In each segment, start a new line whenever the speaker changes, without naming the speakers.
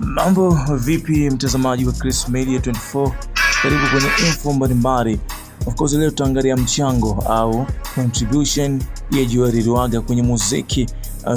Mambo vipi, mtazamaji wa Chris Media 24, karibu kwenye info mbalimbali. Of course leo tutaangalia mchango au contribution ya Joel Lwaga kwenye muziki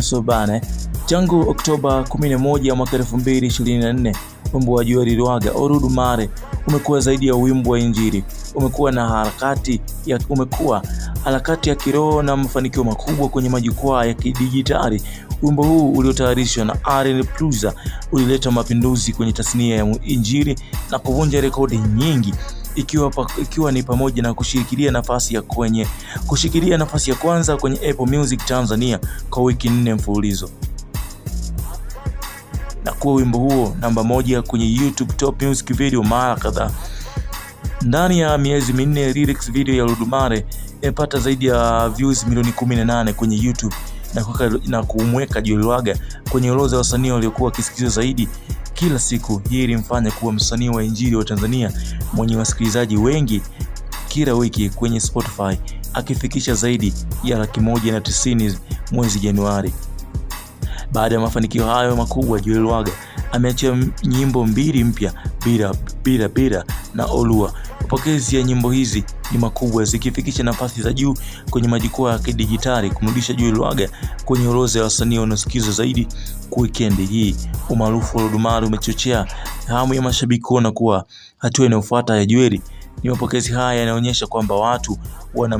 Subane tangu Oktoba 11 mwaka 2024. Wimbo wa Jua Liliwaga Orudu Mare umekuwa zaidi ya wimbo wa Injili, umekuwa na harakati ya umekuwa harakati ya kiroho na mafanikio makubwa kwenye majukwaa ya kidijitali. Wimbo huu uliotayarishwa na Aaron Pluza ulileta mapinduzi kwenye tasnia ya Injili na kuvunja rekodi nyingi ikiwa, pa, ikiwa ni pamoja na kushikilia nafasi ya kwenye kushikilia nafasi ya kwanza kwenye Apple Music Tanzania kwa wiki nne mfululizo na kuwa wimbo huo namba moja kwenye YouTube Top Music Video mara kadhaa. Ndani ya miezi minne, lyrics video ya rudumare imepata zaidi ya views milioni 18 kwenye YouTube na kumweka Joel Lwaga kwenye orodha ya wasanii waliokuwa wakisikizwa zaidi kila siku. Hii ilimfanya kuwa msanii wa injili wa Tanzania mwenye wasikilizaji wengi kila wiki kwenye Spotify, akifikisha zaidi ya laki moja na tisini mwezi Januari. Baada ya mafanikio hayo makubwa, Joel Lwaga ameachia nyimbo mbili mpya, bila bila bila na Olua Mapokezi ya nyimbo hizi ni makubwa, zikifikisha nafasi za juu kwenye majukwaa ya kidijitali, kumrudisha Jui lwaga kwenye orodha ya wasanii wanaosikizwa zaidi kwa wikendi hii. Umaarufu wa rudumari umechochea hamu ya mashabiki kuona kuwa hatua inayofuata ya Jueli ni mapokezi haya yanaonyesha kwamba watu wana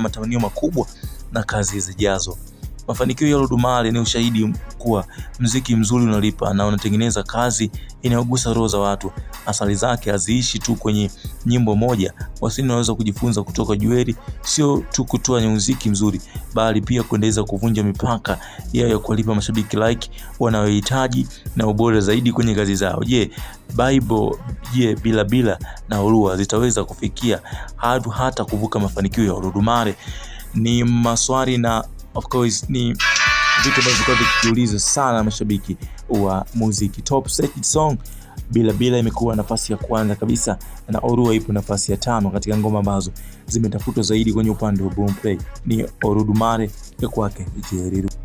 matamanio makubwa na kazi zijazo. Mafanikio ya Oludumare ni ushahidi kuwa mziki mzuri unalipa na unatengeneza kazi inayogusa roho za watu. Asali zake haziishi tu kwenye nyimbo moja. Wasanii wanaweza kujifunza kutoka Jueli, sio tu kutoa muziki mzuri, bali pia kuendeleza kuvunja mipaka yao ya kuwalipa mashabiki like wanayohitaji na ubora zaidi kwenye kazi zao. Je, Bible je, bila bila na urua zitaweza kufikia hadu hata kuvuka mafanikio ya Oludumare? Ni maswali na of course ni vitu ambavyo vikuwa vikijiuliza sana mashabiki wa muziki. Top song bila bila imekuwa nafasi ya kwanza kabisa na Orua ipo nafasi ya tano katika ngoma ambazo zimetafutwa zaidi kwenye upande wa Boomplay ni orudumare ya kwake Jeriru.